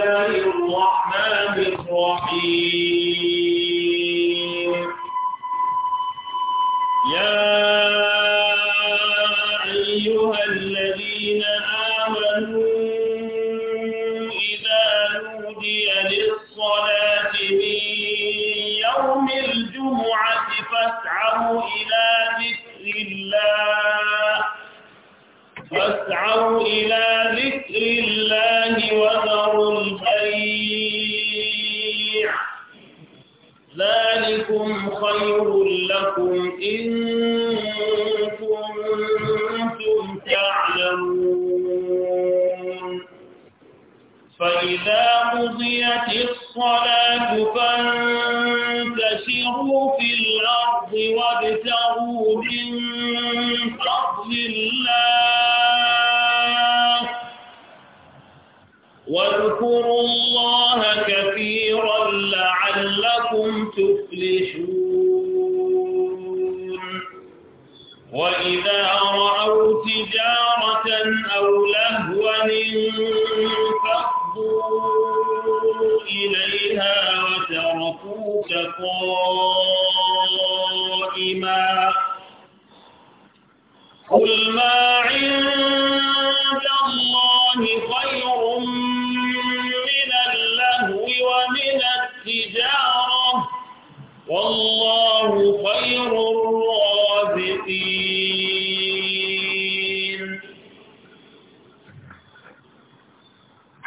الله الرحمن الرحيم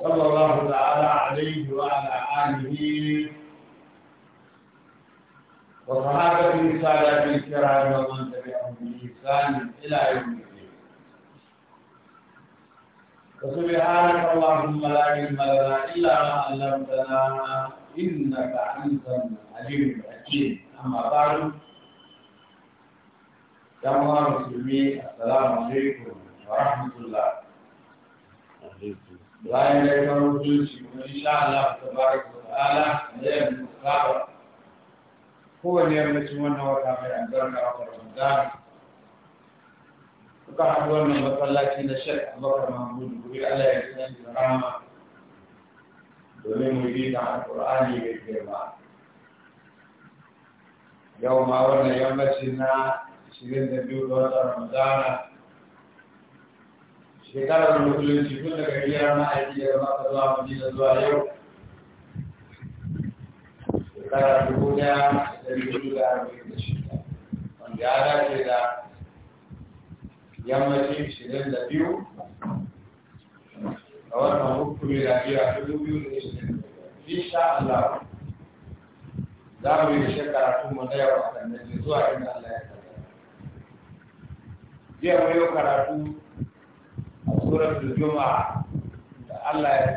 صلى الله تعالى عليه وعلى آله وصحابته السادات الكرام ومن تبعهم بإحسان إلى يوم الدين وسبحانك اللهم لا علم لنا إلا ما علمتنا إنك أنت العليم الحكيم أما بعد يا مسلمين السلام عليكم ورحمة الله bayan ya kama mutunci kuma insha Allah ta baraka wa ta'ala da yin musaba kowane yammacin wannan wata mai albarka a Ramadan kuka haɗu wannan masallaci na Sheikh Abubakar Mahmud Guri Allah ya san da rahama domin mu bi da Alƙur'ani mai girma yau ma wannan yammacin na 22 ga watan Ramadan shekarar musulunci tun daga zuwa zuwa yau shekarar da da da shida wanda ya dace da yammacin shirin da biyu a wannan hukumi da biyu a dubu biyu da shirin insha Allah za mu yi shekara tun mu na yau a zuwa inda Allah ya Jiya karatu suratul juma'a da Allah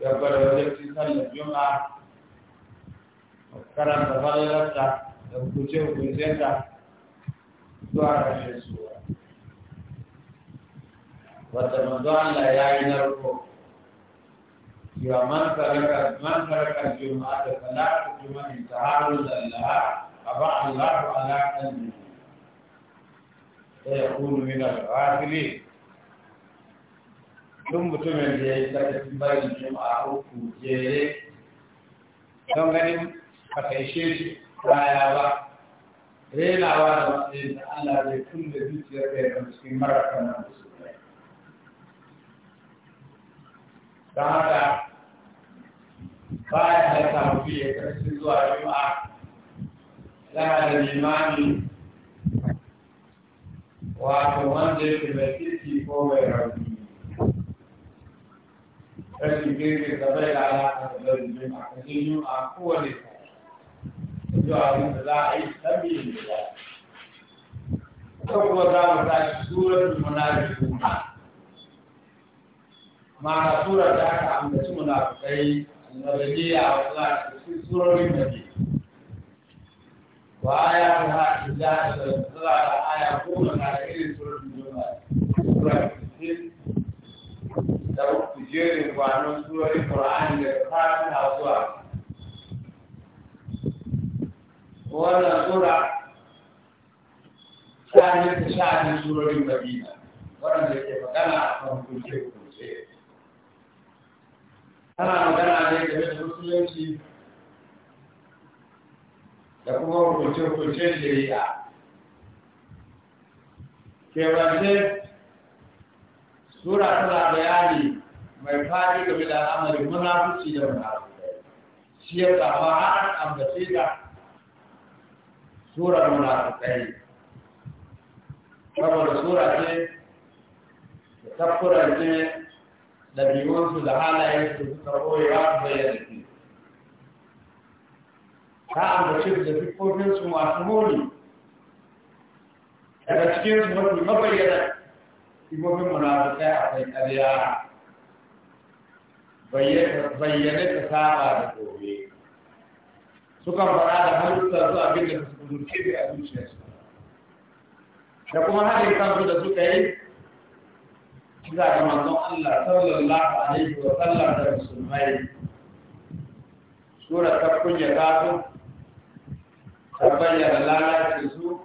ya gwada wajen sallar juma'a karanta falalarta da hukunce-hukuncenta zuwa rashin suwa wata manzo Allah ya yi narko cewa man taraka man ta juma'a da salatu a ba Allah aba Allahu kan qalbi sai ya kunu min al-ghafilin duk mutumin da ya yi sarkin bayan juma'a uku jere don ganin baka kai shi baya ba renawa da matsayin da Allah zai tun da zuciyar da ya cikin mara kana da su kai. Don haka baya ya samu ya karfi zuwa juma'a yana da limani wato wanda ya fi mai kirki ko mai rauni rashin girgin da zai lalata da lauyin jima'a ka jin yunwa kowane zuwa abin da za a yi sabi da ya ko kuma za mu tashi suratul munafiquna ma surar da aka ambaci munafiqai annabiyya wa za su surorin nabi wa aya ha idza da aya ko na irin jerin kwanon surorin Qur'ani da fatiha zuwa wannan sura yi ta sha'anin surorin Madina waɗanda ke magana a kan kunce kunce tana magana ne da da musulunci da kuma kunce kunce shari'a kewance sura tana bayani mai fadi game da al'amarin munafici da munafici shi ya samu an ambace da surar munafici saboda sura ce da tafkurar ce da biyunsu da halayen su suka koyi ba su bayyana su ta ambace da fikofinsu masu muni daga cikinsu mafi mabayyana ikofin munafici akwai ƙarya bayyane ta saba da gobe sukan fara da halittar su abin da su kudurce da a su da kuma haɗin kansu da suka yi kira ga manzon Allah sallallahu alaihi wa sallam da musulmai sura ta kunya ta ta bayyana lalace su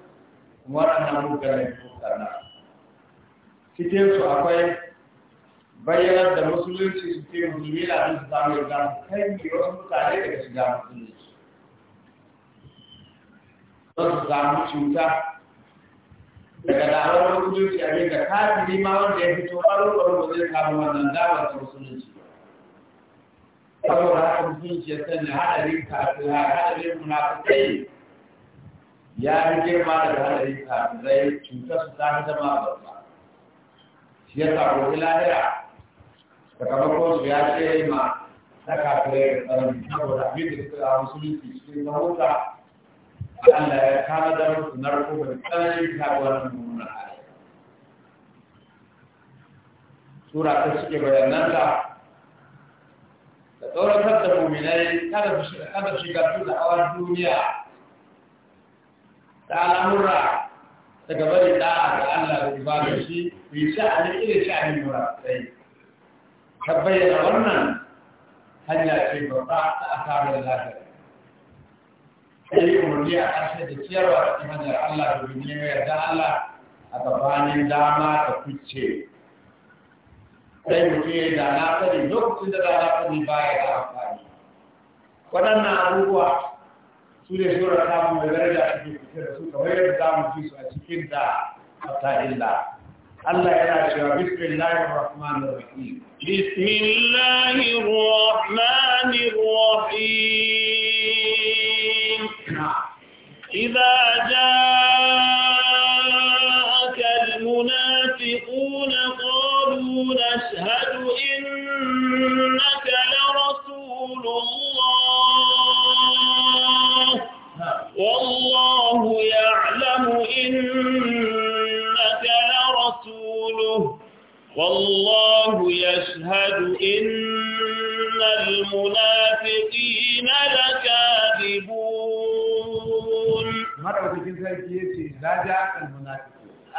waɗannan mugayen mutane cikin su akwai bayyanar da musulunci su ke musulmi na abin su samu yarda kai ne wasu mutane daga shiga musulunci wasu samu cuta daga dawar musulunci abin da kafiri ma wanda ya fito ɓaro-ɓaro ba zai samu wannan damar ta musulunci saboda haka musulunci ya sanya haɗarin kafirai haɗarin munafikai ya yi girma da haɗarin kafirai cutar su ta fi zama babba shi ya sa ko lahira sakamakon su ya ce ma na kafirai da tsaron saboda abin da suka a musulunci cikin mahota Allah ya kama da musu narko da tsananin karuwar mummunan hali. Sura ta cike bayanan da da tsoratar da muminai kada su shiga su da awar duniya da al'amura daga bari da'a ga Allah da ibadar shi, bi sha'anin irin sha'anin mura tsaye. Ka bayyana wannan hanya ce babba ta asarar lafiya sai yi umarni a ƙarshe da ciyarwa a cikin hanyar Allah domin neman yarda Allah a gabanin dama ta fice sai mutum ya da na sani lokacin da za a ba ya da amfani waɗannan abubuwa su ne shura samun mai daraja a cikin fitar da su kamar yadda za mu ji su a cikin da fata'illah Allah yana cewa bismillahir rahmanir rahim bismillahir rahmanir rahim idza jaa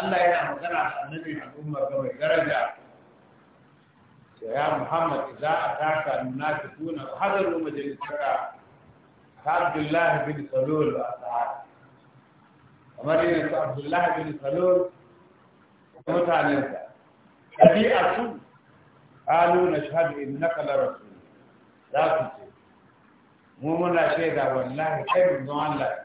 Allah yana magana a annabi al’umma da mai daraja da ya Muhammad za a taka nuna ta tuna a hazar rumu da ya taka ta Abdullahi bin Salol a tsar. Kamar yin su Abdullahi bin Salol da mutanenka, ɗabi a su nuna shi hadu in na kalar su za su ce, mu muna shaida wallahi kai mun zama Allah.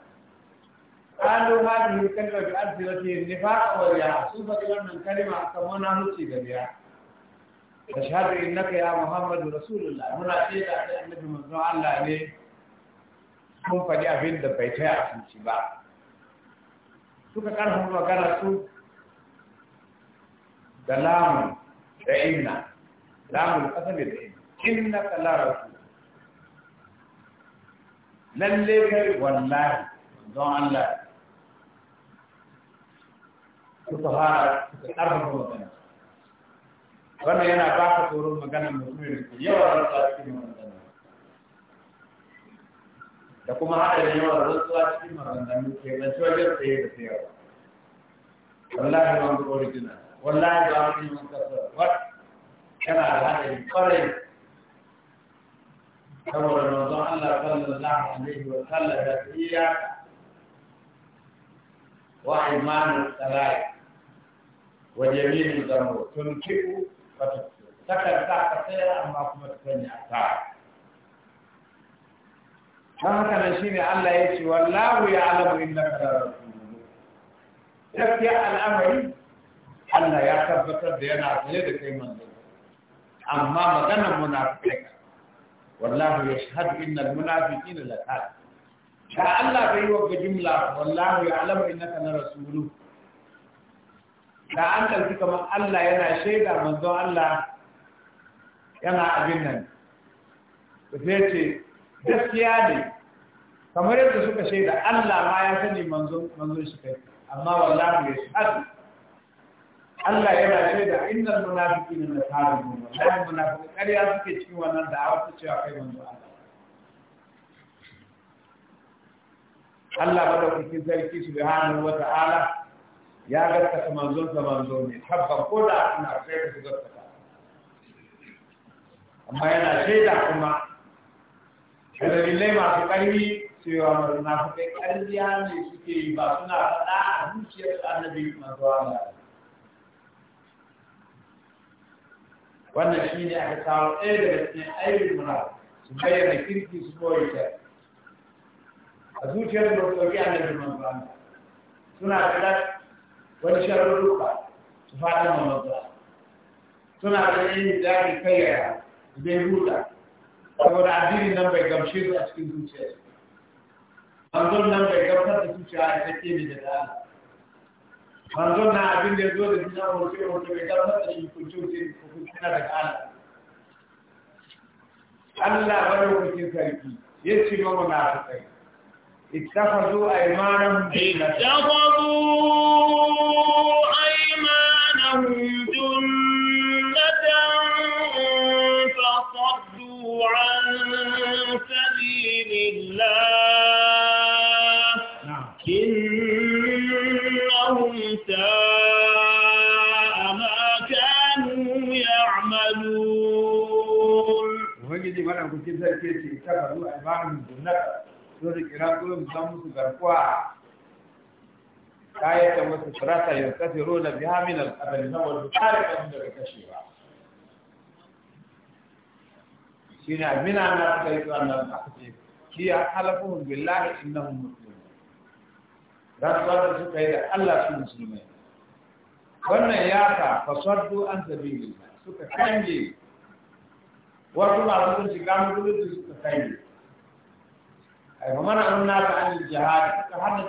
قالوا هذه الكلمة بألسنتهم النفاق والرياء سوف لنا الكلمة كما نهتي بها تشهد إنك يا محمد رسول الله هنا شيء أنك من الله ليه kun faɗi abin bai taya a sunci ba suka ƙarfafa magana su da lamun da inna lamun ƙasa ne da inna inna lalle don Allah suka fara suka ƙarfafa magana wannan yana ba ka tsoron magana mutumin da yawan rantsuwa cikin maganganu da kuma haɗarin yawan rantsuwa cikin maganganu ke zance wajen tsaye da sayarwa wallahi ba mu original wallahi ba mu yi mun kasuwa wat yana da haɗarin kwarai saboda manzon Allah sallallahu alaihi wa sallam da iya wa imanin tsarai وجميل الذنوب تنكئ وتكسر Hakanan تحت سيرا أما كما تكن أسعى فهكذا شيني الله يشي والله يعلم إنك لرسول gaskiya al'amari Allah ya tabbatar da yana tsaye da kai manzo amma maganar munafiq wallahu yashhadu innal munafiqina laqad da Allah bai wa jumla wallahu ya'lamu innaka la rasuluhu da an ɗauki kamar Allah yana shaida manzon Allah yana abin nan da sai ce gaskiya ne kamar yadda suka shaida Allah ma ya sani manzon manzon shi kai amma wallahi bai shi Allah yana shaida innal munafiqina la ta'lamun wallahi munafiqun ƙarya suke cikin wannan a su cewa kai manzon Allah Allah da madaukakin sarki subhanahu wata ala. يا غرت كمانزون كمانزوني حب بقولا أنا أعرفك بقدر تكلم أما أنا شيء لا كم أنا بالله ما تكلم سوى ما نحبك أرضيان يسكي باسنا لا نسي أنا بيت ما توانا وانا شيني أحتار أيد بسنا أيد منا سبحانه كثير في سبويته أزوجة من رسولي أنا بيت ما توانا سنا كذا wani shararruka su fada ma maza suna da yin daɗi kai yaya zai ruda saboda addinin nan bai gamshe su a cikin zuciya manzon nan bai gamsar da zuciya a take ne da dana manzon na abin da zo da zina mutum mutum bai gamsar da shi kuncin sai hukunci na daga Allah Allah bari hukuncin sarki ya ce ma munafiqai اتخذوا ايمانهم اتخذوا نعم. الله إنهم ساء ما كانوا يعملون وهجدي وانا كنت ذاكي تكبروا أمام الجنة سوري كراكم زمس بركوا آية وسترة يرتفرون بها من الأبل نعم. والبحار من الكشيرة شنو أمنا أنا أتكلم عن الأحسين هي حلفهم بالله إنهم مسلمون رسول الله سكيد الله مسلمين wannan ya ka fasaddu an sabili suka kange wasu masu sun shiga musulunci suka kange ai kuma na an naka an jihadi suka hana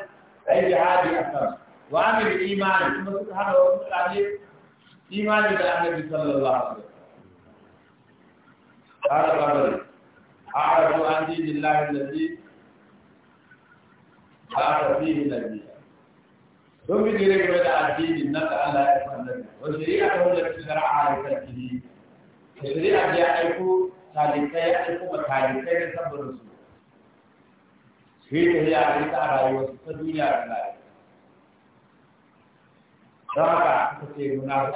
ai jihadi a kan wa amil imani kuma suka hana wasu mutane imani da annabi sallallahu alaihi wasallam أعرضوا عن دين الله الذي بعث فيه نبيا ثم يدرك بدأ الدين النبأ على إسلام النبي وشريعته التي شرعها لخلقه shari'a ya aiko talibai ya aiko ma da saboda su shi ta yi a ta rayuwar su ta duniya da lafiya don haka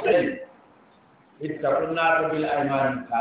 suka ita ta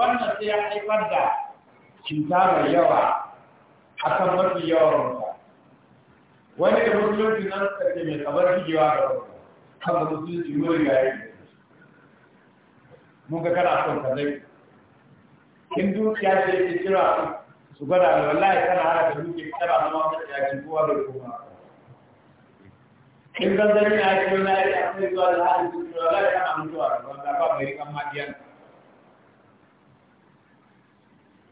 wannan sai ya haifar da cuta mai yawa a kan mafi yawan wani da musulunci nan suka ce mai kamar fijewa da wata kan da musulunci wuri da yi mun ga kana son ka zai in dukiya ce ke kira su gwada da wallahi kana hana da dukiya kana na wata ya yaki kowa da kuma in zanzani na ya ce wani ake ce a kai zuwa da hali su kira wallahi kana mutuwa da wanda ba mai kan maɗiyanta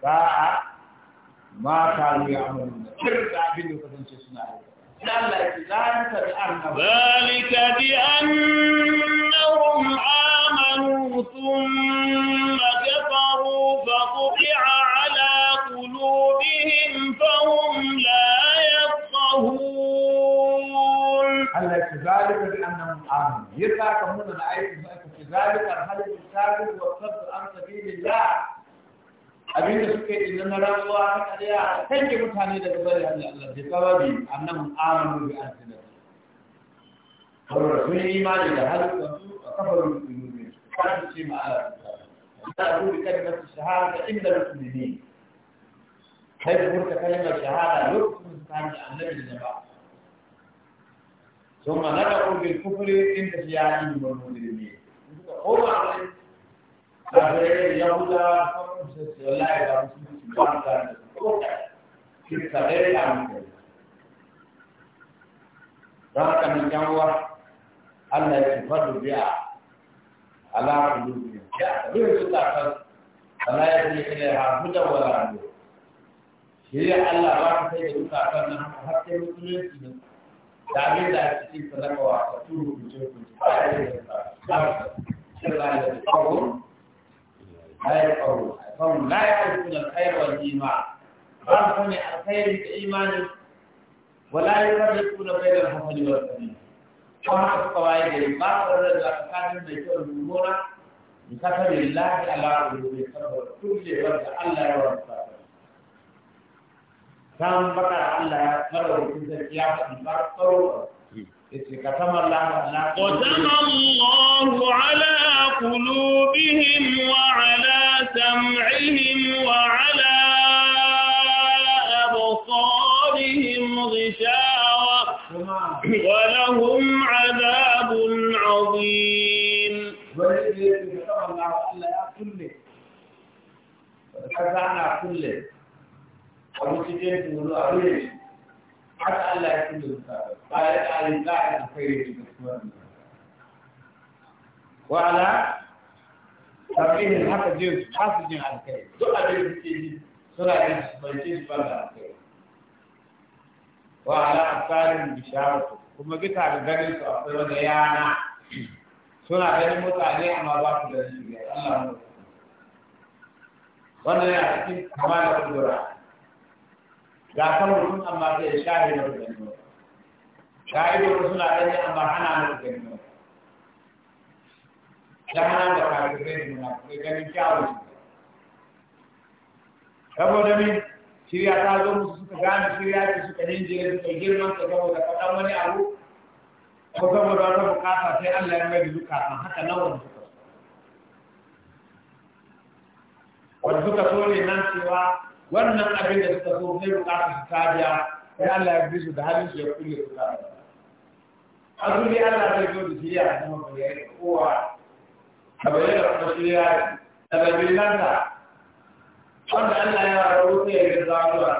sa'a ma kanu ya'malun kirda abin da kasance suna aikata ذلك بأنهم آمنوا ثم كفروا فطبع على قلوبهم فهم لا يفقهون ذلك بأنهم آمنوا يتاكمون العيب ذلك الحدث الثالث والصدر عن سبيل الله abin da suke yi na rantsuwa ta kariya a kanke mutane daga da hannun Allah da sababi annan amanu bi an sinu kawai sun yi imani da halittarsu a kafar musulmi kafin ce ma Allah da a rubi kalmar shahada inda musulmi kai da murta shahada lokacin su annabi da ba ثم بالكفر عند هو tare yahuda wallahi da musulunci ba ta da ko ki tare da mu da haka nan yanwa Allah ya fadu biya ala qulubi ya bi su ta kan Allah ya yi ha huda wala ne shi Allah ba ta sai da duka kan nan har sai musulunci da abin da cikin sadaka wa ta turu ku ce ku ba ya da ta Allah ya لا يفقهون فهم لا يعرفون الخير والإيمان بعضهم الخير بإيمان ولا يفرقون بين الحسن والسمين وهذا القواعد بعض الأحكام التي يؤمنون بكثر الله على قلوب كل وجه الله ورسوله كان بقى الله مرة في الزكاة في البر ختم الله على قلوبهم وعلى سمعهم وعلى أبصارهم غشاوة ولهم عذاب عظيم كذا أنا كله أبو سيدنا haka Allah ya tunda musa ba da da gaskiyar wa ala tafihin haka jin hasu jin alkhairi duk abin da ji suna yin su bai ce su da alkhairi wa ala asarin bisharatu kuma bisa ga ganin su akwai wani yana suna ganin mutane amma ba su da shi Allah mu wannan yana cikin kama da kudura ga kan mutum amma ta yi shahi da rukun wasu suna ɗanye amma na musu ganin da hana da yi nuna kai ganin kyawun su saboda min shirya ta zo musu suka gane shirya ta suka jinjire suka girman ta saboda kaɗan wani abu ko saboda wata bukata sai Allah ya mai zuka kan haka nan wanda suka so wanda suka so ne nan cewa wannan abin da suka so sai bukatar su kariya sai Allah ya bisu da halin su ya kulle su da azumi Allah zai zo da shirya a cikin bayyana kowa a bayyana kuma shirya da babin nan da wanda Allah ya rawo sai ya zama zuwa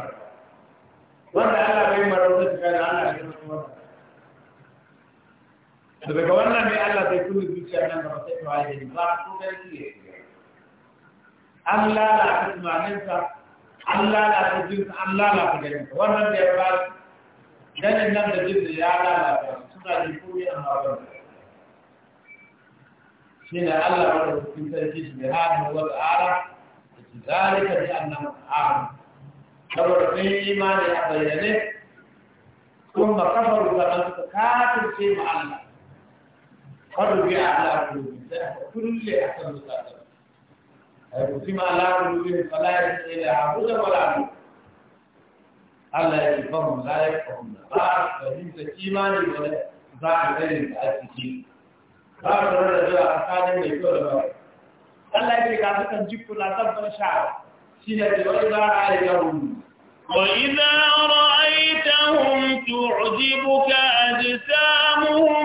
wanda Allah bai marawa sai ka da Allah ya zama da daga wannan ne Allah zai kulle zuciya nan da sai ta waye ba ko da shi Allah la ta tunanin sa an lalata jinsu an lalata garinka wannan da ya ba su ganin nan da jinsu ya lalata suna jin kuri a mawar shi ne allah wadda hukun sarki shi mai hannun wata ara da su zalika ji annan ara saboda sun yi imani a bayyane kun ba kafar rubanan suka kafirce ma allah faruwa a rubi sai aka kulle a kan zuwa قسم على رجل فلا يسأل عبدا ولا عبد الله يفهم لا يفهم لا فهمت إيماني ولا زعل غير الأسكين لا ترى رجل أسكان يقول الله يجعل كان جبت لا تبقى شعر سيدة وإذا رأيتهم وإذا رأيتهم تعجبك أجسامهم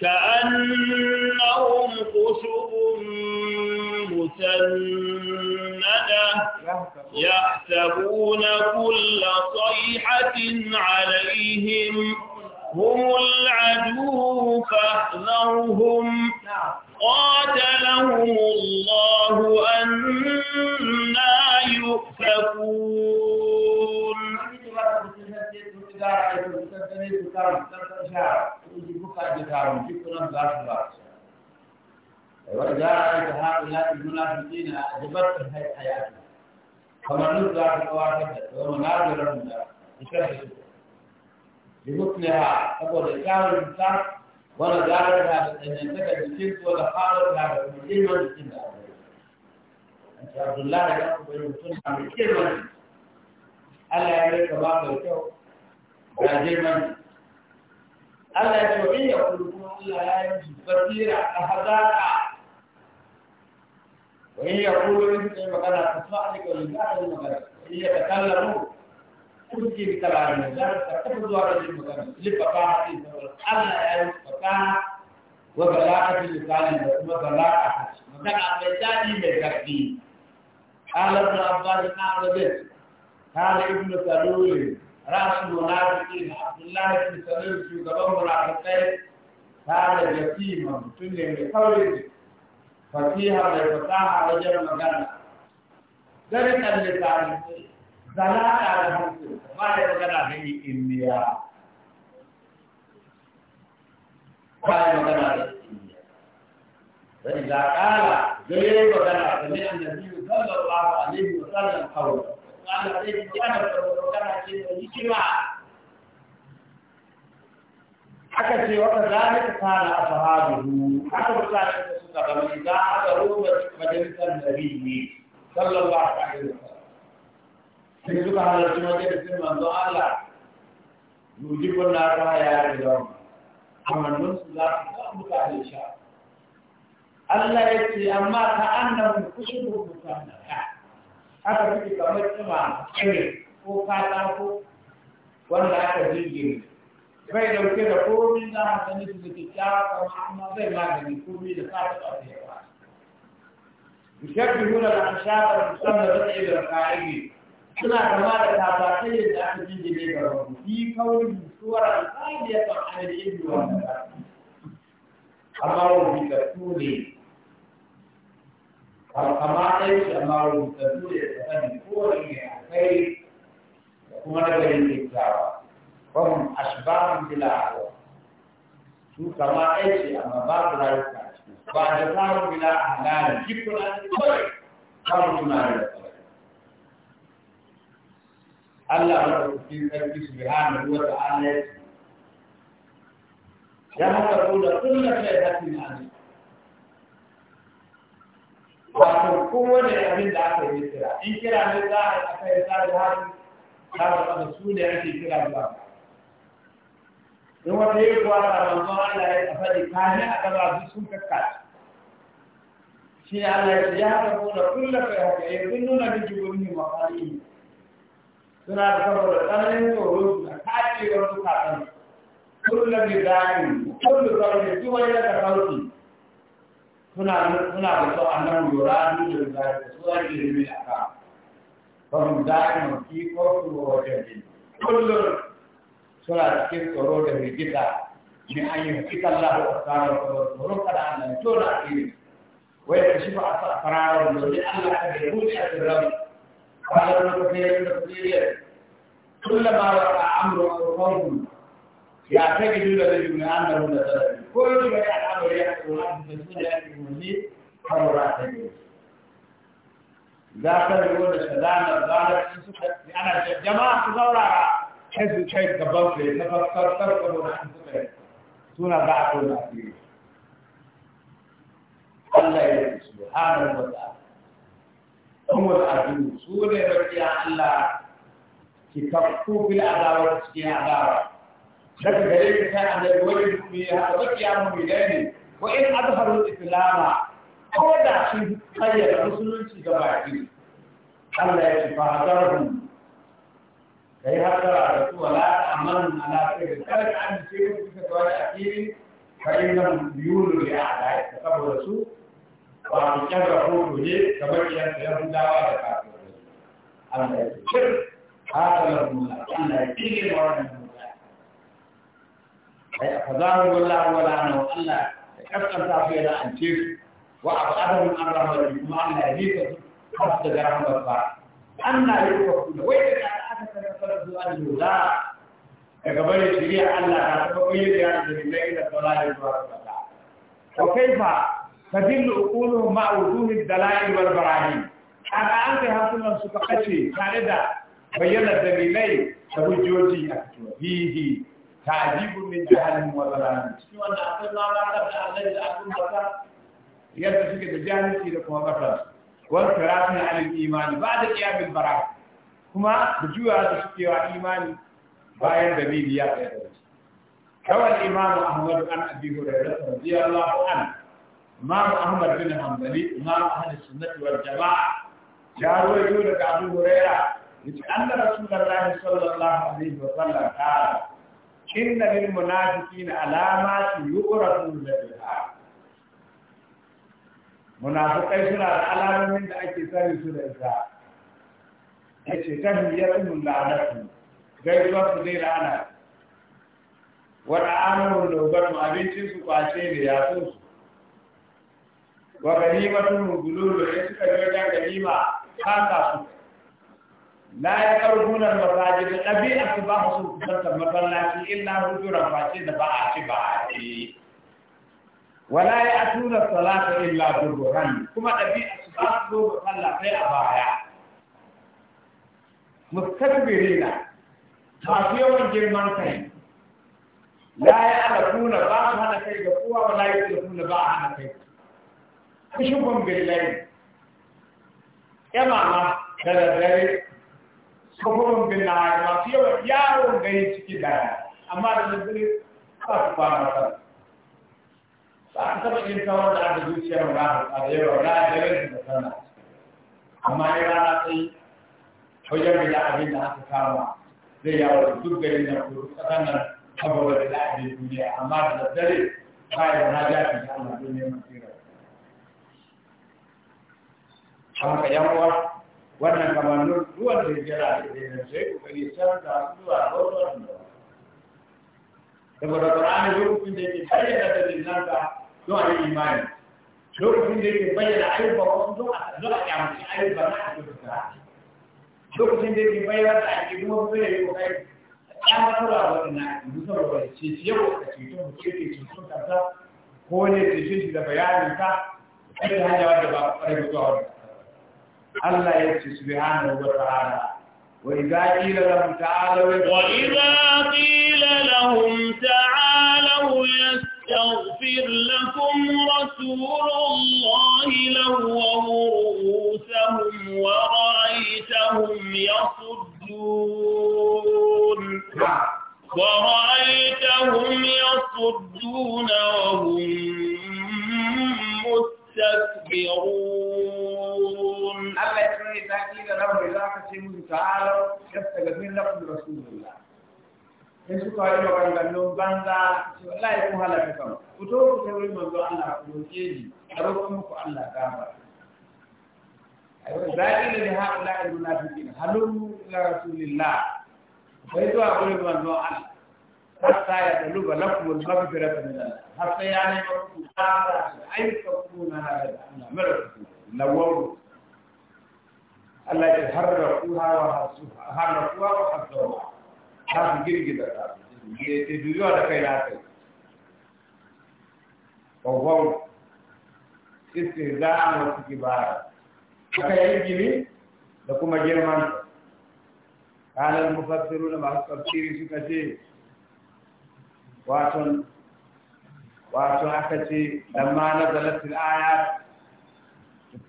كأنهم خشب مسندة يحسبون كل صيحة عليهم هم العدو فاحذرهم قاتلهم الله أنا يؤفكون tsara aiki su kan tsanai su tsara su kan tsan sha su ji ji taron duk kunan za su ba su sha. Wani za a aiki haɗin lafi nuna su ji na ajibar Kamar nuna za su kawar da ta tsawon na da ita da su. Ji mutune ha, saboda kyawun ta wani da ta tsanyan daga jikin su wani haɗar da ta kuma jikin da aure. Abdullahi ya kuma yi mutum a mai kirmanin. Allah ya rika ba mai kyau, ga girman Allah ya ce in ya kuma Allah ya yi basira a hazaka wa in ya kulu in sai magana ta sa'ani ka lilla da magana in ya takallamu kurki bi kalamin da ta kafa zuwa da magana lifa ba hadin Allah ya yi fasaha وبلاغة لسان وبلاغة مثلا أبداني بالكفي قال ابن عباس نعم قال ابن سلول رأس المنافقين عبد الله بن سلول في قبل منافقين كان يتيما تنين بقوله ففيها بالفتاحة رجل مجنة ذلك اللسان زلاء على همسه ما يبقى به إنيا ما يبقى به فإذا قال غير مجنة سمع النبي صلى الله عليه وسلم قوله Allah ya ce da hikima aka ce wa zalika kana ashabuhu da suka ga mai da aka majalisar suka halarci manzo Allah na ta ya su za su ga sha Allah ya ce amma ta annabi kushuhu aka fi kamar tsima irin ko katako wanda aka jirgin bai dauke da komi za a gani su da kyakkyawa kama amma bai magani komi da sa ta ɗauke ba. Bishabbi hula da ashabar musamman da tsaye da ka'ayi suna kama da tabatai da aka jirgin da rabu fi kawai musuwar alƙaliyar kan adadin wanda amma wani da su ne فالقمائش أما المستدور يتقدم كل من الخير وكما نبغي الإبداع فهم أشباع بلا أحوال شو قمائش أما بعض لا يفعل بعد ذلك بلا أحلال جبنا فهم بما يفعل الله سبحانه وتعالى يا هذا كل شيء هاتي wato kowane abin da aka yi kira in kira ne za a aka yi tsari har tsara wanda su ne ake kira zuwa in wata yi kuwa da manzon Allah ya faɗi kane a gaba su sun kakkaci shi ne Allah ya ce ya haɗa kuna kulla kai haka ya kun nuna da jigomi mafari suna da saboda tsananin tsoro na kacewar su kaɗan kulla bi zaɓi da zaɓi duk wani da sauki هنا هنا بتوع أنهم يرادوا لذلك سؤال جرم الأحكام فهم دائما في قرط ووجدين كل سورة كيف تروج في كتاب من أن يحكيت الله أحكام وروح على أن يتولى فيه ويكشف عطاء قرار ويقول لأن أحد يموت حتى الرب قال ابن كثير ابن كثير كلما وقع أمر وقوم يعتقدون لهم أنهم نتلقى كل ما يعلم ويا أولاد بسنة المسيح حروراتهم ذاك يقول الشدان الظاهر أنا جماعة ثورة حزب شيء قبلت نفكر تركبوا نحن سنة بعد الأخير الله سبحانه وتعالى هم العدو سورة رجع الله كتبوا في العداوة في العداوة daga gare ka ta annabi wajen mu'mini haka bakiya mu'minai wa in adharu islama ko da sun kayyana musulunci ga baki Allah ya ci fahadarhum kai haka da su wala aman ala kai kada ka amince ku ka tawai akiri fa innam yulu ya ala ka saboda su ba mu kyara hoto ne kamar yadda ya dawa da kafirai Allah ya ci haka lahum Allah ya ci ne wannan ai fa zanu wallahi wala na Allah ya kaskanta su ya la'ance su wa abadahu an rahmatu kuma Allah ya nika su har da rahmar ba Allah ya ku da da aka sanar da su an yuda daga bari shari'a Allah ta taba bayyana da lillahi da dalal wa baraka wa kaifa tadillu uquluhum an tare da bayyana dalilai da hujjoji a cikin ta'jibu min jahannam wa zalalam cikin wannan akwai lalata da Allah da abun baka yadda suke da jahilci da kuma baka wal karafin alil imani ba da qiyamil bara kuma da juya da suke wa imani bayan da bibi ya tsaya da kawai imamu ahmad an abi hurairah radiyallahu ahmad jamaa ya rawaito daga abu hurairah yace anna rasulullahi sallallahu alaihi wa sallam inna lil munafiqina alamatin yu'rafuna biha munafiqai suna da alamomin da ake sani su da ita yace tahiyyatun la'anatu gaisuwa su dai la'ana wa ta'amun dogar abincin su kwace ne ya so su wa ganimatun gululu ya suka ga ganima haka su la ya karbunan masajid ɗabi'a su ba su kusantar masallaci illa hujura face da ba a ci ba wala ya atura salata illa burhan kuma ɗabi'a su ba su zo sallah sai a baya mustakbirina masu yawan girman kai la hana kai ga kowa wala ya alakuna hana kai yamama da daddare saburin bin na masu yawan yawon gari ciki da amma da zazzare ba su kwana ba a taba yin kawar da aka zuciyar rana a da yawa rana da yawan da sana amma ya rana sai wajen da abin da aka kama zai yawo duk garin da ku tsakanin abubuwan da abin duniya amma da zazzare ba ya rana ya da da Allah don neman tsira. Haka yan uwa wannan kamannin ruwan da jira da daidai sai kokari sarta zuwa rahoton da saboda ƙwararren lokacin da yake bayyana da dalilan a yi imani lokacin da yake bayyana ayyuka wasu don a don a ayyuka na a cikin sa lokacin da yake bayyana da ake kuma wasu ya yi kokari kyamatar da wani na musa da ce ce yau a cikin mu ce ke cikin kansa ko ne ce shi da bayanin ta. kai hanyar da ba a ƙwarar zuwa wani الله يجزي سبحانه وتعالى وإذا قيل لهم تعالوا وإذا قيل لهم تعالوا يستغفر لكم رسول الله لو رؤوسهم ورأيتهم يصدون نعم. ورأيتهم يصدون وهم تكبرون الله يسمي إذا قيل لهم إذا قسموا تعالى يستغفر لكم رسول الله in suka yi maganganun banza ce wallahi kun halaka kan ku to ku ta wurin manzo Allah ku roke ni a roƙon muku Allah gaba ayo zaƙi da haɗa la'ayyuna fi halun rasulillah bai Allah حتى يبلغ لكم المغفرة من الله حتى يعني أن تكون هذا الأمر نوروا التي حرقوها وحرقوها وحرقوها هذا جدا يدويوا لكي لا وهو استهزاء واستكبار فكيف يجري لكم جرمان قال المفسرون مع التفسير في كثير واتن واتن حكتي لما نزلت الآيات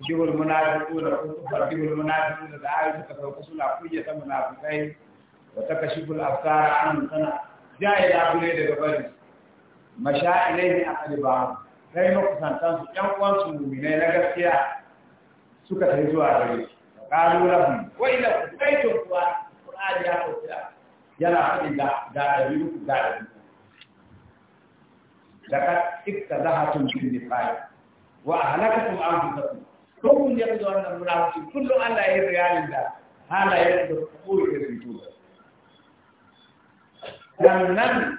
تجيب المنافقون تجيب المنافقون الآية تتوقسون أقوية منافقين وتكشف الأفكار عنهم سنة جاء إلى أبو ليدة قبل مشاء إليه أقل بعض كي نقصان تنسوا كم قوانسوا مؤمنين لقفتيا سكة هزوا عليك وقالوا لهم وإلا قلتم قوان القرآن يا قلتيا يلا أقل الله دعا بيوك دعا بيوك لقد افتضحتم بالنفاق وأهلكتم أنفسكم كل يبدو أن المنافقين كل الله يريان الله هذا يبدو قول الرجول لأنن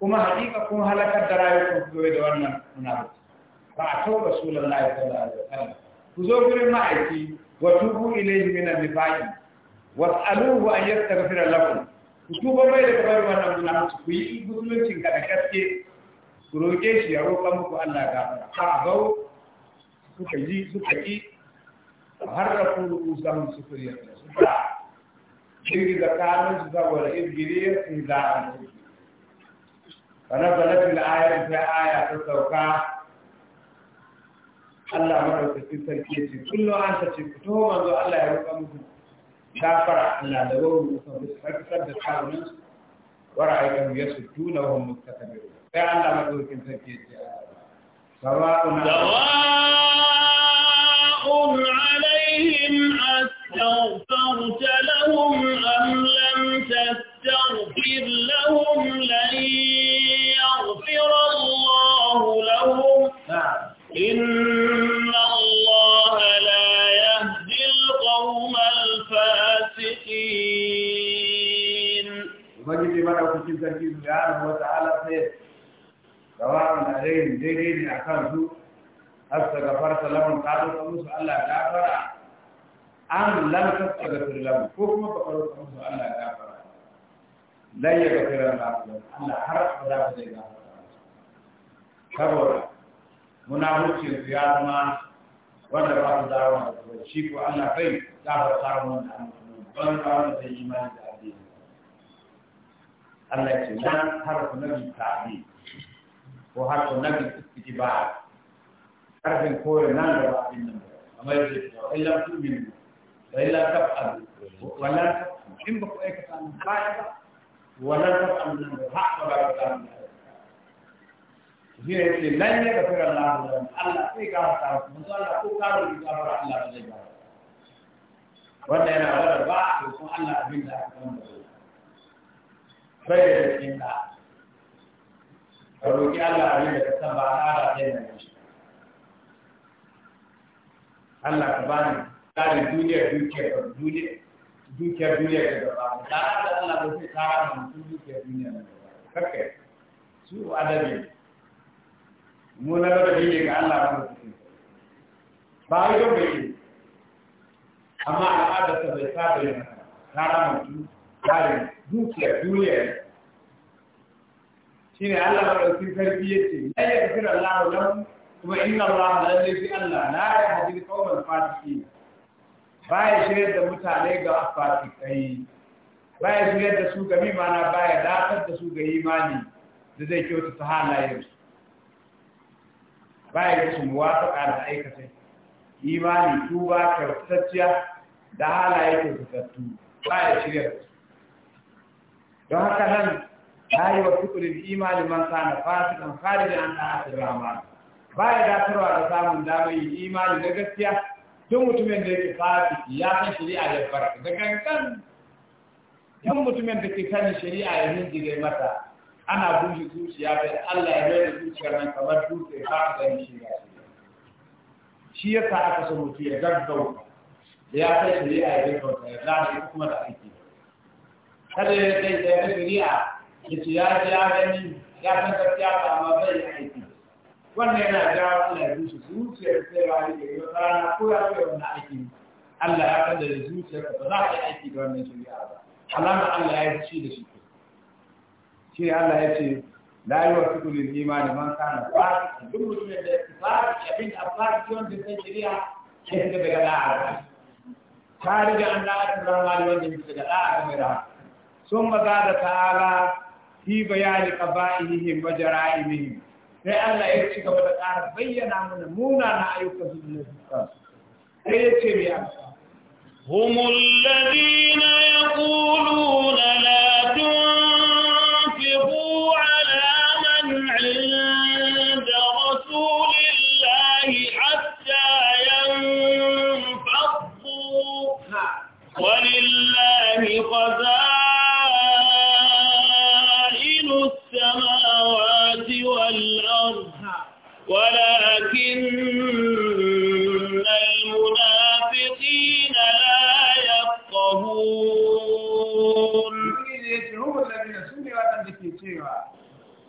كما حقيقة كما هلك درايكم كويد وأن منافق فأتوا رسول الله صلى الله عليه وسلم فزور ما يأتي وتوبوا إليه من النفاق واسألوه أن يستغفر لكم ku tuba mai da kamar wannan munafiki ku yi musulunci ka da gaske ku roƙe shi ya roƙa muku Allah ga ka'abau suka yi suka yi har da ku rubusan su kuriya suka shiri da kanun su saboda ibgiriyar sun za a mutu kana falatin ayar ta aya ta sauka Allah ci sarki ya ce kullum an ta ce ku manzo Allah ya roƙa muku gafara Allah da wani mutum da su har da karunan su ورأيتهم يسجدون وهم مستكبرون فعلا ما تركن سكيت سواء سواء عليهم أستغفرت لهم أم لم تستغفر لهم لن يغفر الله لهم نعم. إن madaukakin sarki su ya hana wata ala sai gawa na rayin daidai ne a kan su har ta gafar salamun kado ta musu Allah ya gafara an lam ta gafar lamu ko kuma ba karo ta musu Allah gafara dan ya gafara lamu Allah har abada ba zai gafara saboda muna hucin su ya zama wanda ba su dawo da shi ko Allah bai gafara samun da an don ba wanda zai imani الله يجعلنا حرف النبي التعليم وحرف النبي الاتباع حرف الكور نادر من أما يجب إلا تؤمن وإلا تفعل ولا تفعل إن بقوئك كان مفاعدة ولا تفعل من الحق وبركاته لكن لن يغفر الله لهم الا في كافه الله bai cikin ɗa ka roƙi Allah da ɗaya na yi Allah ka bani tsarin duniyar dukiyar duniyar dukiyar duniyar da gaba da Allah ba zai tsara ma mutum dukiyar duniyar da gaba su adabi mu na ne ga Allah ba ba bai amma al'adarsa bai tsarin dukiyar duniya shi ne Allah maɗauki sarki ya ce na yi kafin Allah don kuma inna Allah zai fi Allah na ya hadin kawai Ba ya shirya da mutane ga Ba ya shirya da su ga mimana ya dafar da su ga imani da zai kyauta ta ba ya da su muwafaƙa da aikata imani tuba kyautacciya da halaye kyautattu ya shirya da su don haka nan ya yi wa tukulin imanin manta na fasikan kharij an ta'atir rahman ba ya datarwa da samun damar yin imani na gaskiya tun mutumin da yake fasiki ya san shari'a da farka da gangan tun mutumin da ke sanin shari'a ya hinjire mata ana bushe zuciya da Allah ya mai da zuciyar nan kamar dutse ba ka gani shi shi sa aka so mutu ya gaggauta da ya san shari'a ya gaggauta ya ya kuma da aiki kada ya kai da ya shari'a da ci ya ji ya gani ya san gaskiya ba amma bai aiki wannan yana jawo Allah ya bushe zuciyar sai ba ni da yau rana ko ya kai wannan aiki Allah ya san da zuciyar ba za ka yi aiki da wannan shirya ba alama Allah ya ci da shi shi Allah ya ce la yuwaffiqu nima da man kana fasiqan duk mutumin da ya fasiki abin da fasiki wanda sai shirya, ya fita daga da'a ta riga an da'a ta zama wanda ya fita daga da'a ga mai rahama sun maza da ta'ala fi bayani qaba'ihim wa jara'imihim sai Allah ya ci gaba da ƙara bayyana mana munana ayyukan su da suka sai ya ce mai amsa هم الذين يقولون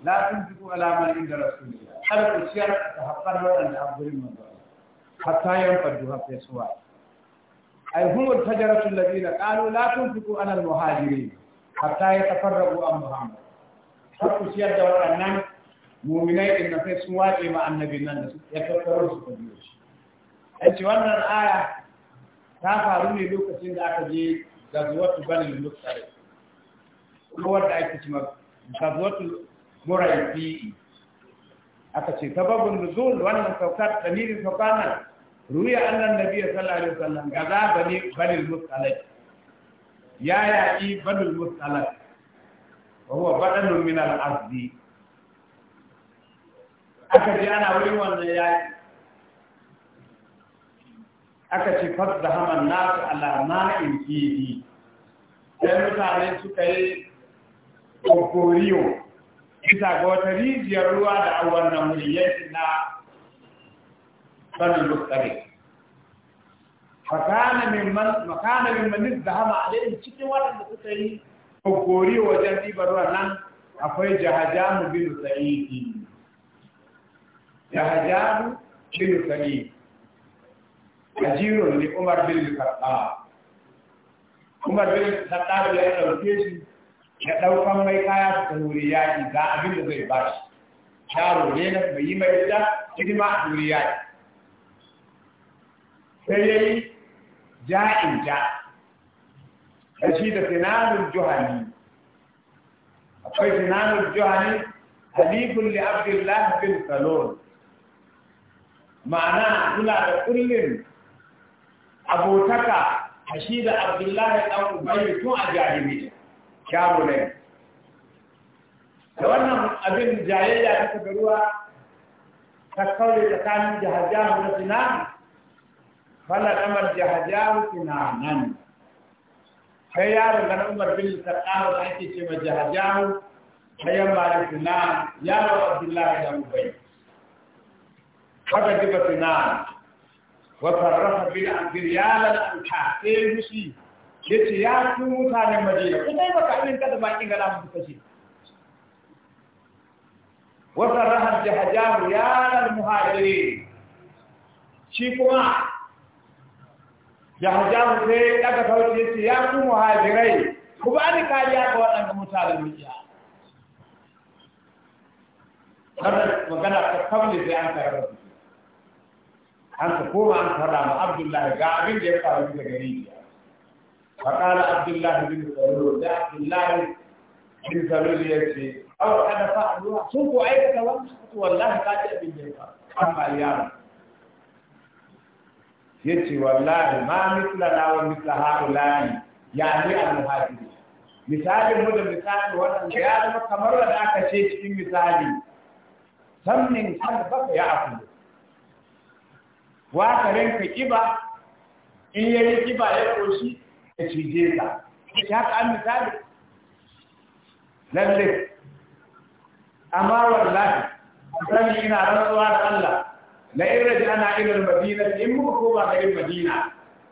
la tunfiqu ala man inda rasulillah har ku ciyar da haƙar waɗanda an gurin manzo hatta yanfadu hatta yasuwa ay humul fajaratu alladhina qalu la tunfiqu ala al muhajirin hatta yatafarraqu an muhammad har ku ciyar da waɗannan mu'minai inna sai sun waje ma annabi nan da su ya tattaro su da biyo shi ai ce wannan aya ta faru ne lokacin da aka je gazuwatu bani lutsare ko wanda ake cewa gazuwatu murai fi'i aka ce sababin nuzul wannan saukar da dalilin saukana ruya annan nabiyyi sallallahu alaihi wasallam gaza bani banil musallat ya yaƙi banil musallat wa huwa badalun min al-ardi aka ji ana wurin wannan yaƙi aka ce da haman na nasu alama'in fihi sai mutane suka yi kokoriyo bisa ga wata rijiyar ruwa da a wannan wuriyanci na sanin lukkare makana min manis da hama a alayhi cikin waɗanda suka yi kogori wajen ɗibar ruwa nan akwai jahajamu bin sa'idi jahajamu bin sa'idi jirin ne umar bin Karɓa. umar bin karɗa ya ɗauke shi ya ɗaukan mai kaya su ta wuri yaƙi ga abin da zai bashi. shi yaro ne na mai yi mai gida hidima a wuri yaƙi sai ya yi ja'in ja da shi da sinanul juhani akwai sinanul juhani halifun li abdullahi bin salon ma'ana suna da kullum abotaka a shi da abdullahi ɗan ubayi tun a jahiliya kyamu ne da wannan abin jayayya ta ga ruwa ta kaure tsakanin jahajahu na sinan wannan kamar jahajahu sinanan sai ya da na umar bin sarƙahu da ake ce ma jahajahu sai yan mali sinan yaron abdullahi da mubai haka jiba sinan wa sarrafa bil amfir yalan an ta sai mushi ya ce ya ku mutanen madina ku dai baka amin kada bakin gada mu kashe wata rahar jahajaru ya lal muhajiri shi kuma jahajaru sai daga sauti ya ce ya ku muhajirai ku ba ni kariya ga waɗanda mutanen madina kada magana ta kawai sai an karar an ta koma an fara ma abdullahi ga abin da ya faru daga rijiya فقال عبد الله بن زلول عبد الله بن زلول يأتي أو أنا فعلوها سوف أيك تولى والله قد أبن جيفا أما اليوم يأتي والله ما مثلنا ومثل هؤلاء يعني المهاجرين misalin mu da misali wannan ya zama kamar da aka ce cikin misali sannin kalbaka ya afu wa ka ranka kiba in yayi kiba ya koshi ya cije ka shi haka an misali lalle amma wallahi sani ina rantsuwa da Allah la irji ana ila al-madina in muka koma ga madina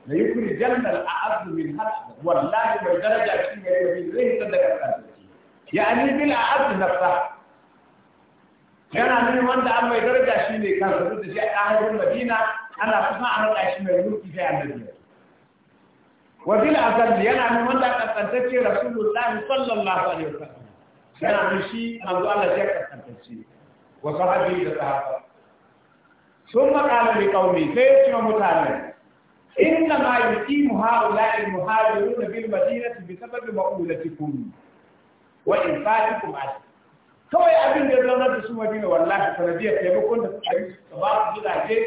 la yukri janna al-a'z min hada wallahi mai daraja cikin garin madina zai san daga kan yani bil a'z nafsa yana nuni wanda an mai daraja shine kansa duk da shi a ɗan madina ana kusa a naɗa shi mai mulki sai annabi wa fil da yana nan wanda kasantacce rasulullahi sallallahu alaihi wasallam yana nan shi manzo Allah ya kasantacce wa sahabi da sahaba ثم قال لقومي سيتم متانا إنما يقيم هؤلاء المهاجرون في المدينة بسبب مؤولتكم وإنفاقكم عليه kawai abin da ya zama da su madina wallahi sanadiyar taimakon da suka yi ba su gidaje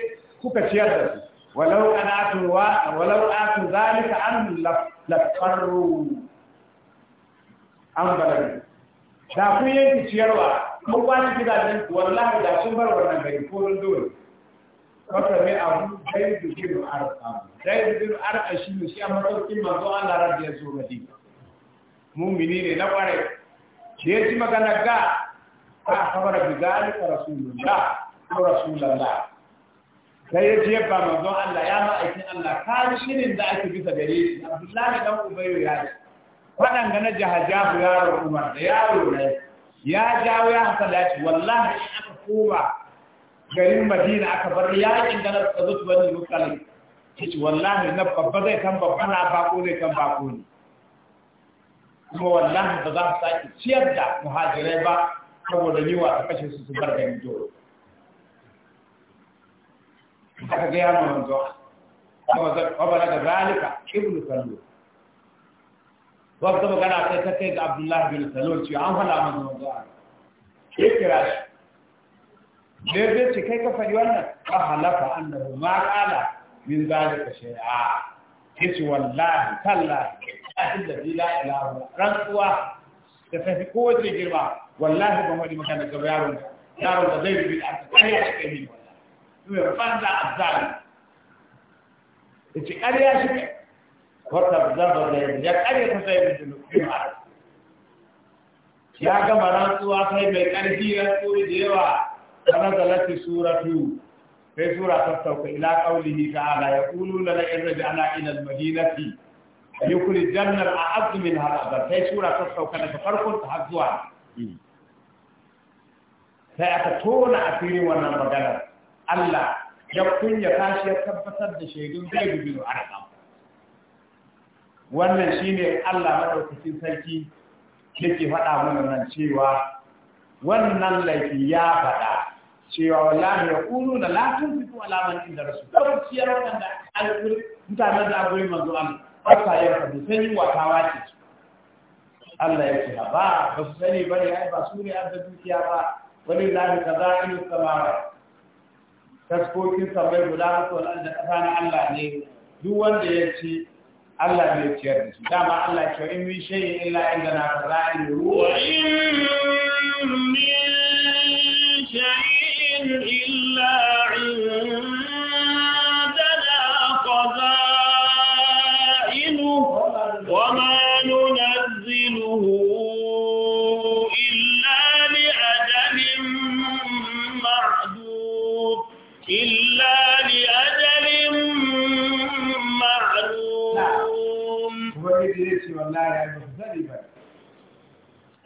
kuka ciyar da su walau anatu wa walau atu zalika an lafarru da kun yanki ciyarwa kun kwana gidajen ku wallahi da sun bar wannan gari ko don dole kaka mai abu dai da jin arqa dai da jin arqa ne shi a matsayin manzo Allah rabbi ya zo madina ne na kware shi ya ci magana ga ah, a khabara bi zalika ko rasulullah sai ya je ba manzon Allah ya ma Allah kari shirin da ake bisa gare shi Abdullahi dan Ubayyu ya ce fadan ga na jahajahu yaro Umar da yaro ne ya jawo ya ce wallahi in aka koma garin Madina aka bar yakin da na tsazo bani Ya kici wallahi na babba zai kan babba na bako ne kan bako ne kuma wallahi ba za su sake ciyar da muhajirai ba saboda yiwa a kashe su su bar yin dole aka gaya ma manzo wabara da zalika ibn salul wata magana sai ta kai ga abdullahi bin salul cewa an fada manzo manzo ke kira shi ne zai ce kai ka faɗi wannan ka halafa annahu ma kala min zalika shi shay'a yace wallahi tallahi allazi la ilaha illa rantsuwa ta tafi kowace girma wallahi ban wani magana ga yaron yaron da zai rubi a kai ya kai suyar banza azzali yace ƙarya shi kai wata zaba da yanzu ya ƙarya ta sai da zunubi ma ya gama rantsuwa sai mai ƙarfi rantsuwa da yawa kana da lati suratu sai sura ta sauka ila qaulihi ta'ala yaquluna la in raja'na ila al-madinati yukhrij janna al-a'z min hadha sai sura ta sauka daga farkon ta har zuwa sai aka tona asirin wannan maganar Allah ya kunya tashi ya tabbatar da shaidun zai gudu a rasa wannan ne Allah madaukakin sarki yake faɗa mana nan cewa wannan laifi ya faɗa cewa wallahi ya ƙuru da latin fito alaman inda rasu ɗaukar ciyar waɗanda alƙul mutanen da agoyi manzo an ƙasa ya faɗi sai yi watawa ce Allah ya ce ba ba su sani bane ai ba su ne an da dukiya ba wani lahi kaza ilu samawa taskokin sabai guda haka wanda ƙasa na Allah ne duk wanda ya ci Allah bai ciyar da su dama Allah ce in min shay'in illa indana faza'ilu ruwa in min shay'in illa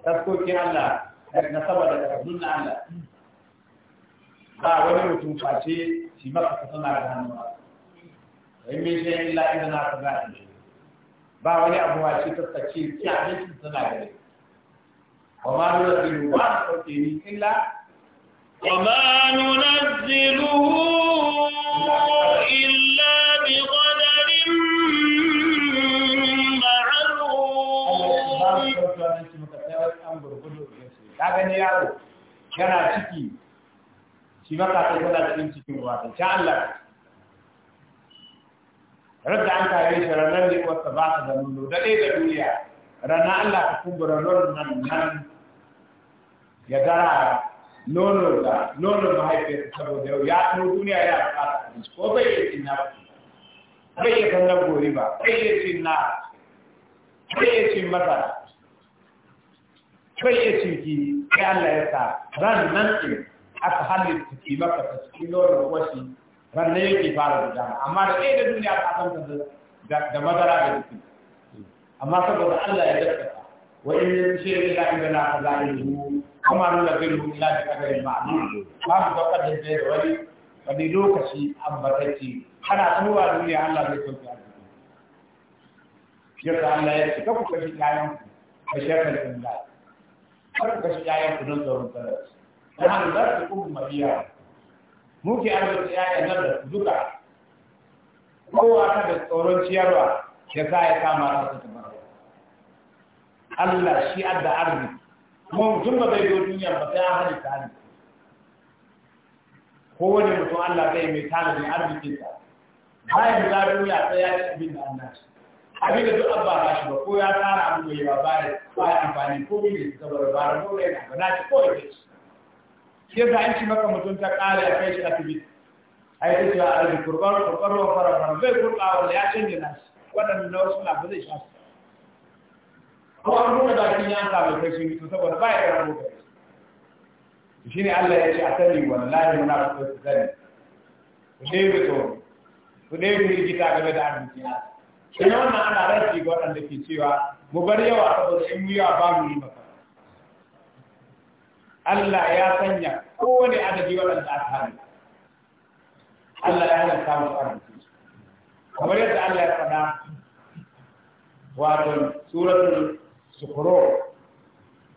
taskokin Allah na saboda da karnun na Allah ba wani mutum face shi maka ka sana da hannu ba in min shi illa idan na ka gani ba wani abu ba shi tattace ki abinci sana da rai wa ma nunazzilu ba na sauke ni illa wa ma nunazzilu ka gani yaro yana ciki shi ka ta tana cikin cikin ruwa ta sha Allah radda an kare shi nan ne wata ba ta da nuno da ɗaya da duniya rana Allah ka kumbura nonon nan nan ya gara nono da nonon mahaifiyar saboda yau ya tuno duniya ya fara ko bai yi ba. bai yi kallon gori ba bai yi na bai yi cin matsala. bai iya cinki sai Allah ya sa ran nan ɗin aka halitta ki maka ta cikin nonon washi ran nan yake fara da dama amma da ɗaya da duniya ta san da madara da jiki amma saboda Allah ya daskata wa in min shay'in la ilaha illa Allah kama nuna birnin ila da kadarin ma'amu ba mu ɗaukar da zai da wani wani lokaci ambatacce ana tsohuwa duniya Allah zai sauke a jiki yadda Allah ya ce kafa kashi kayan ku a shekar da kar ka shi yayan ku don tsoron talauci na hannu za su kuma mabiya muke arziki yayan nan da duka kowa ta da tsoron ciyarwa ya sa ya kama ta su tabar Allah shi adda arziki kuma mutum ba zai zo duniya ba sai an halitta arziki kowane mutum Allah zai mai tanadin arzikinsa bayan da duniya sai ya ci abin da Allah shi abin da duk abba ba shi ba ko ya tsara abu mai yawa baya ba ya amfani ko bi ne saboda ba ran dole yana ba na ci ko yake shi yasa an ci maka mutum ta kare a kai shi asibiti a yi tafiya a rage kurbar kurbar wa fara fara zai kurɓa wanda ya canje na shi waɗannan na wasu na ba zai sha su ko an nuna bakin ya samu kai shi to saboda ba ya da rabo kai shi ne Allah ya ce a sani wallahi muna fito su sani ku ɗebe tsoro ku ɗebe rigita game da arzikin Allah kenan wannan ana rashi ga waɗanda ke cewa mu bar yawa saboda in yawa ba mu yi maka Allah ya sanya kowane adadi waɗanda aka hana Allah ya halatta mu arziki kamar yadda Allah ya faɗa wato suratul sukuro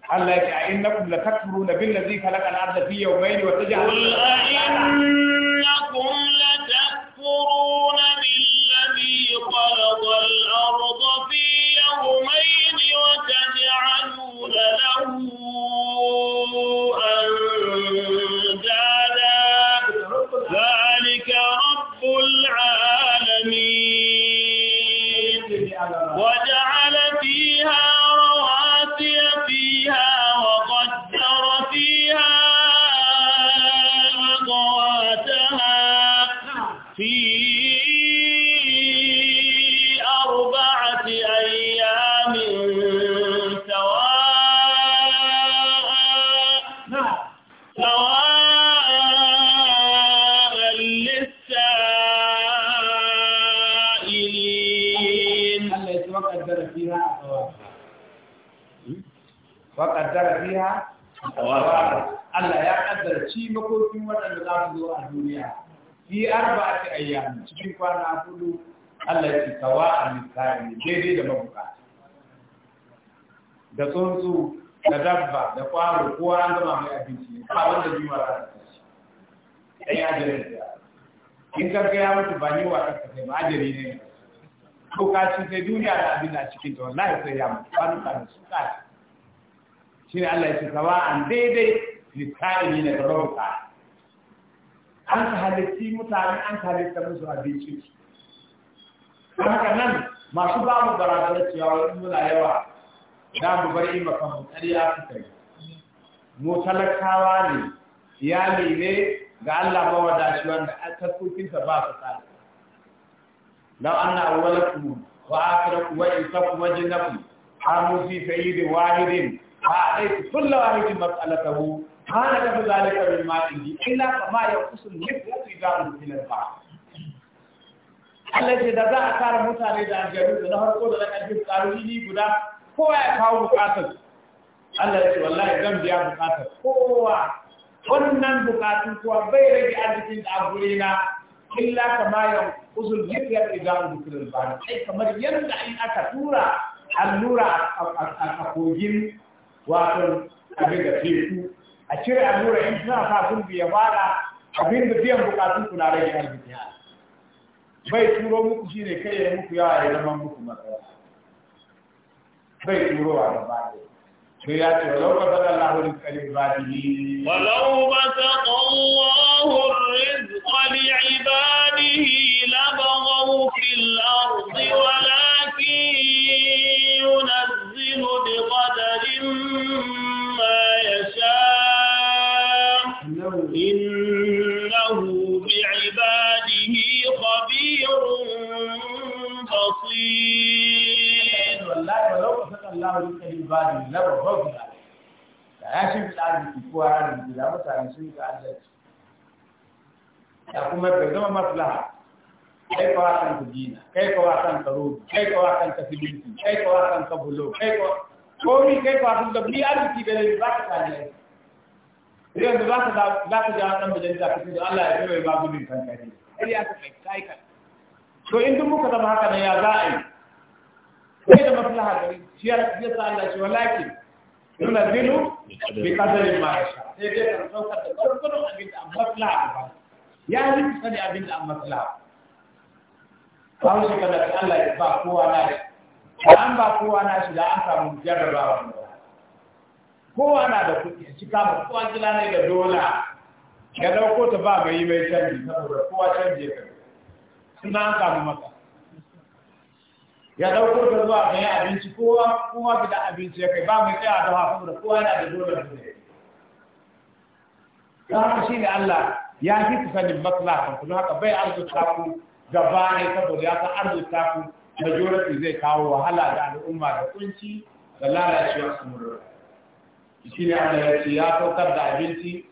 Allah ya ce a innakum bil billazi khalaqa al-ardha fi yawmayni wa taj'aluna فقدر فيها فقدر فيها Allah ya kaddara ci makokin waɗanda za su zo a duniya fi arba ta ayyami cikin kwana hudu Allah ya ci kawa a misali daidai da mabukata da tsuntsu da dabba da kwaro kowa an gama mai abinci ba wanda biyu mara da kashi ɗan ajiyar da in karka ya mutu ba ne wa ɗan kasai ba ajiyar ne bukatun sai duniya da abin da cikin ta wallahi sai ya mutu ba nuka da su ka shi ne Allah ya ce sawa an daidai ne da garauta an ka halitti mutane an ka halitta musu abinci don haka nan masu ba mu barazanar cewa wani muna yawa da mu bar ima kan mutane ya fi kai mu talakawa ne iyali ne ga Allah wadashi wanda a taskokinsa ba su tsari لو أن أولكم وآخركم وإنسكم وجنكم حاموا في سيد واحد فأعطيت كل واحد مسألته كان له ذلك من عندي إلا فما يقص النفس إذا أنزل البحر Allah ce da za a tara mutane da aljanu da na harko da na ƙarfin tsaruri ni guda kowa ya kawo bukatar Allah ya ce wallahi zan biya bukatar kowa wannan bukatun kowa bai rage arzikin da illa kama yanqusul zikra idan zikrul da kai kamar yadda in aka tura allura a kogin wato abin da teku a cire allura in suna sa sun biya fara abin da biyan bukatun kuna rage arziki bai turo muku shi ne kai ya muku yawa ya zama muku matsala bai turo wa gaba ba ولو بسط ba رزقا Wala'u ولو بسط الله ولعباده لبغوا في الأرض ولكن ينزل بقدر ما يشاء إنه بعباده خبير بصير الله لا يشفي الأرض في قوة الأرض لا متى da kuma bai zama maslaha kai ka wasan ka gina kai ka wasan ka kai ka wasan ka kai ka wasan ka bulo kai ka komi kai ka wasan da bi arziki da ne ba ka kaje idan da za ka za ka san da bijan ta da Allah ya bai ba gudun kan kai sai ya kai kai to in duk muka zama haka ne ya za yi sai da maslaha da shi ya sa Allah shi walaki yana zinu, bi kadarin ma ya sha sai dai kan saukar da gurgurun abin maslaha ya yi kusa abin da an matsala ba wasu kada da Allah ya ba kowa na da ba an ba kowa na shi da an samu jarrabawa kowa na da kuɗi cika ba, kowa jila ne da dola ya dauko ta ba mai yi mai canji saboda kowa canji ya kai suna an samu masa ya dauko ta zuwa mai abinci kowa kowa da abinci ya kai ba mai tsaya da hafa da kowa yana da dola da zai ta haka shi ne Allah ya fi sanin maslahan kuma haka bai arzuta ku gaba ne saboda ya san arzuta ku majority zai kawo wahala da al'umma da kunci da lalacewa su shi ne Allah ya ce ya saukar da abinci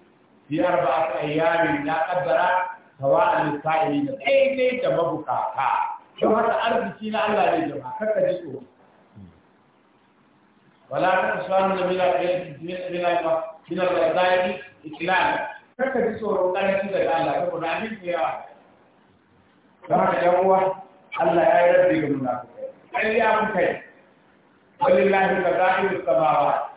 fi a ayyamin ya kaddara sawa'an lisa'ili da daidai da mabukata don wata arziki na Allah ne jama'a kaka ji tsoro wala ta tsawon da mila mila mila mila kaka ji tsoron ƙarfi daga Allah ta kuna abin da yawa don haka ɗan uwa Allah ya yi rabbi ga munafikai ai ya mun kai walillahi qada'iru samawa.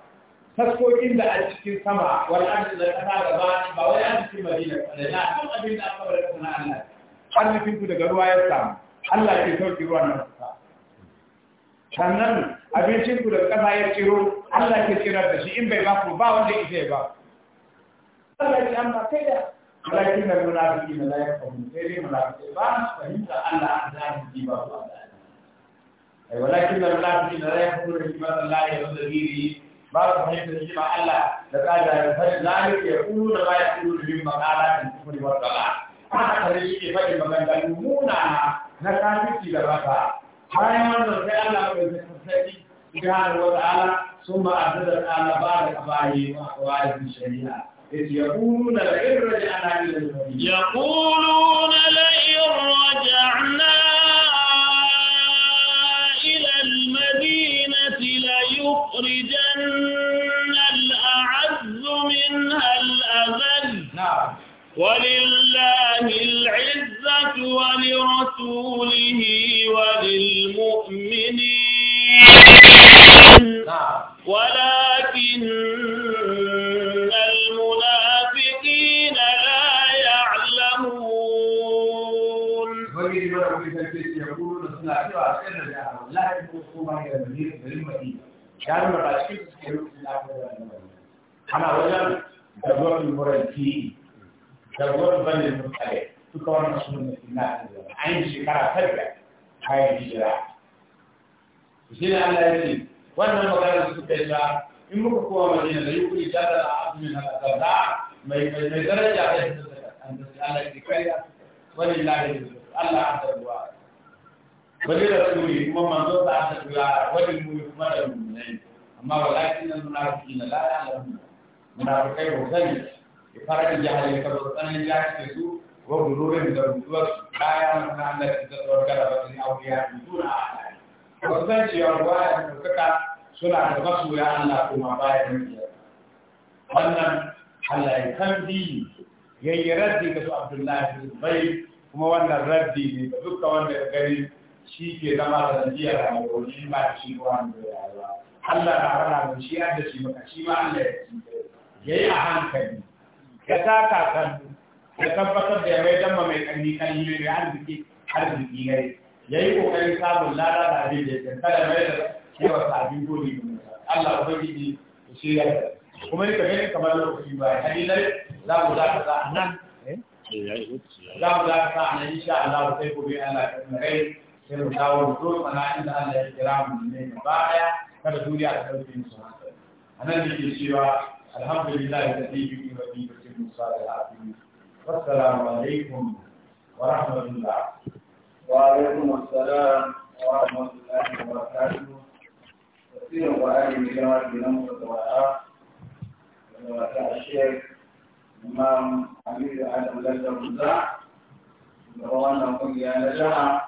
taskokin da a cikin sama wal ardi da kasa da ba ba wai an cikin madina da na duk abin da aka bar kana Allah arzikin ku daga ruwa ya samu Allah ke sauki ruwa nan sannan abincin ku daga kasa ya ciro Allah ke tsirar da shi in bai ba ku ba wanda ya ba Allah ya amma kai da walakin da munafiki na ya fahimu sai dai ba su fahimta Allah an ji ba ai walakin da munafiki na ya fahimu da kiman Allah ya ba su fahimta da Allah da ya ya da ba ya da shi ke maganganu muna na kafici da baka bayan wannan sai Allah ya zai sassaki subhanahu wa ta'ala summa azza ba da kabayi shari'a يقولون لئن رجعنا إلى المدينة يقولون لئن رجعنا إلى المدينة ليخرجن الأعز منها الأذل نعم ولله العزة ولرسوله وللمؤمنين نعم koma ne da garin madina ya nuna ba cikin suke rufin lafiya ana wajen da ruwan muranti da ruwan banin mutane duka wannan sunan da ke nasu da an yi shekara ta biyar kayan hijira shi ne Allah ya ce wannan maganar su kai ta in muka koma madina da yukuri ta da abin da ta da mai mai daraja da ta da Allah ya kai ya wallahi Allah ya Allah ya wani rasuli kuma manzo ta aka tura wani mu kuma da mu ne amma walakin nan munafiki na la ya'lamu munafikai ba sani ya fara da jahilai ka ba sanin ya ce su wa gururin da rutuwa la ya'lamu na da ta tsawar gara ba sai auliya duna ba san cewa ba ya dukaka suna da masoya Allah kuma baya da mu wannan Allah ya tambi yayi raddi ga su Abdullahi bai kuma wannan raddi ne ga dukkan wanda ya gari shi ke zama da zanjiya da mai ba da shi kowa da ba. Allah na hana mu shi da shi maka shi ma Allah ya ci ya yi a hankali ya taka kan ya tabbatar da ya mai damma mai kanni kan yi mai arziki arziki gare ya yi kokarin samun lada da abin da ya tantara mai da kewa sabin gori da musa Allah ya bari ne shi ya kuma ni kamar kamar lokaci ba ya hadilai za mu za ka za nan eh? za mu za ka sa nan insha Allah sai gobe Allah ya kai sai mu dawo zo mana inda Allah ya kira mu ne baya kada duniya ta dauke mu sun hankali anan yake cewa alhamdulillah da zai yi wa bi da cikin musa da al'adu wassalamu alaikum wa rahmatullah wa alaikum assalam wa rahmatullahi wa barakatuh tafsirin qur'ani mai girma da nan da wara da wata shek imam amir adam lallan musa da wannan kungiya na jaha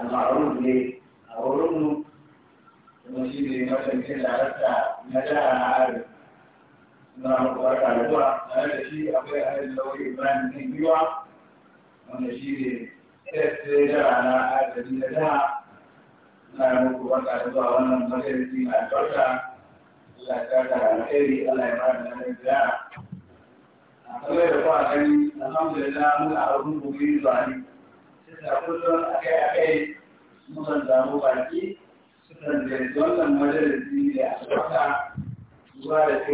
al-ma'ruf ne a wurin mu kuma shi ne matsalancin darakta na jihar Arewa na hukumar Arewa tare da shi akwai Arewa Lawai Ibrahim Bin Biwa wanda shi ne sai jihar na Arewa na jihar na hukumar Arewa wannan matsalanci na albarka Allah ya kaka alheri Allah ya bada na jihar. A kamar da kwa gani a zuwa da kullum a kai a kai sukan samu baki sukan zai wannan majalisi ne a tsaka zuwa da cewa